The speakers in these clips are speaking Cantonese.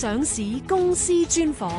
上市公司專訪。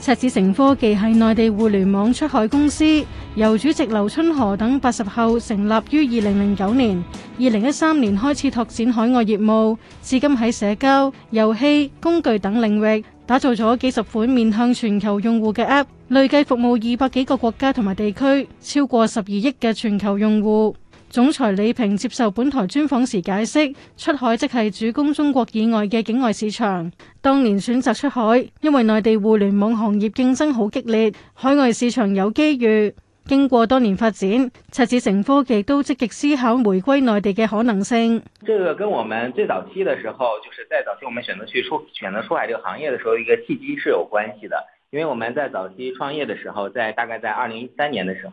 赤子城科技係內地互聯網出海公司，由主席劉春河等八十後成立於二零零九年，二零一三年開始拓展海外業務，至今喺社交、遊戲、工具等領域打造咗幾十款面向全球用戶嘅 App，累計服務二百幾個國家同埋地區，超過十二億嘅全球用戶。總裁李平接受本台專訪時解釋，出海即係主攻中國以外嘅境外市場。當年選擇出海，因為內地互聯網行業競爭好激烈，海外市場有機遇。經過多年發展，赤子城科技都積極思考回歸內地嘅可能性。這個跟我們最早期的時候，就是在早期我們選擇去出選擇出海這個行業的時候，一個契機是有關係的。因為我們在早期創業的時候，在大概在二零一三年的時候。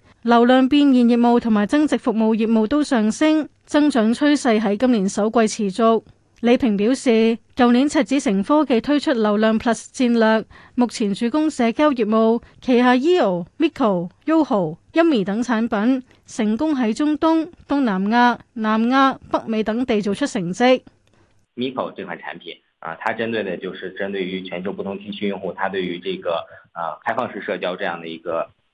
流量變現業務同埋增值服務業務都上升，增長趨勢喺今年首季持續。李平表示，舊年赤子城科技推出流量 Plus 戰略，目前主攻社交業務，旗下 Eo、Mico、Yoho、Yumi 等產品成功喺中東、東南亞、南亞、北美等地做出成績。Mico 這款產品啊，它針對的就是針對於全球不同地區用戶，它對於這個啊開放式社交這樣的一個。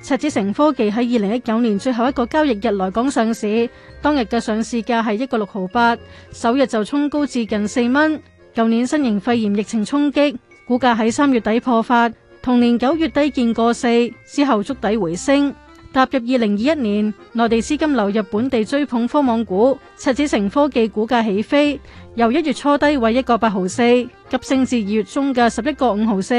赤子城科技喺二零一九年最後一個交易日來港上市，當日嘅上市價係一個六毫八，首日就衝高至近四蚊。舊年新型肺炎疫情衝擊，股價喺三月底破發，同年九月底見過四之後觸底回升。踏入二零二一年，內地資金流入本地追捧科網股，赤子城科技股價起飛，由一月初低位一個八毫四急升至二月中嘅十一個五毫四。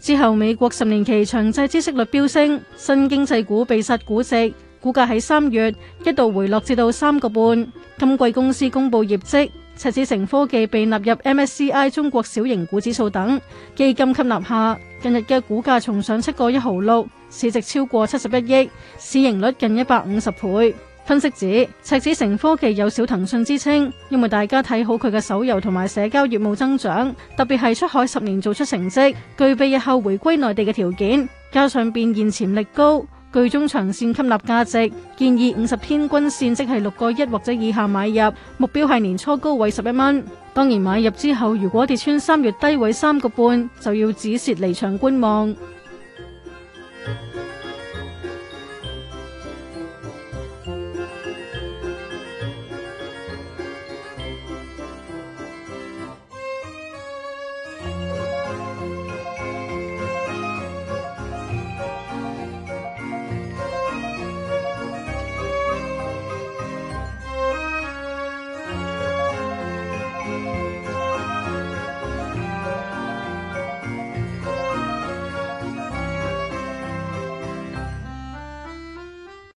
之後美國十年期長債孳息率飆升，新經濟股被殺估值，股價喺三月一度回落至到三個半。今季公司公布業績，赤子城科技被納入 MSCI 中國小型股指數等基金吸納下，近日嘅股價重上七個一毫六。市值超過七十一億，市盈率近一百五十倍。分析指赤子城科技有小騰訊之稱，因為大家睇好佢嘅手遊同埋社交業務增長，特別係出海十年做出成績，具備日後回歸內地嘅條件，加上變現潛力高，具中長線吸納價值。建議五十天均線即係六個一或者以下買入，目標係年初高位十一蚊。當然買入之後如果跌穿三月低位三個半，就要止蝕離場觀望。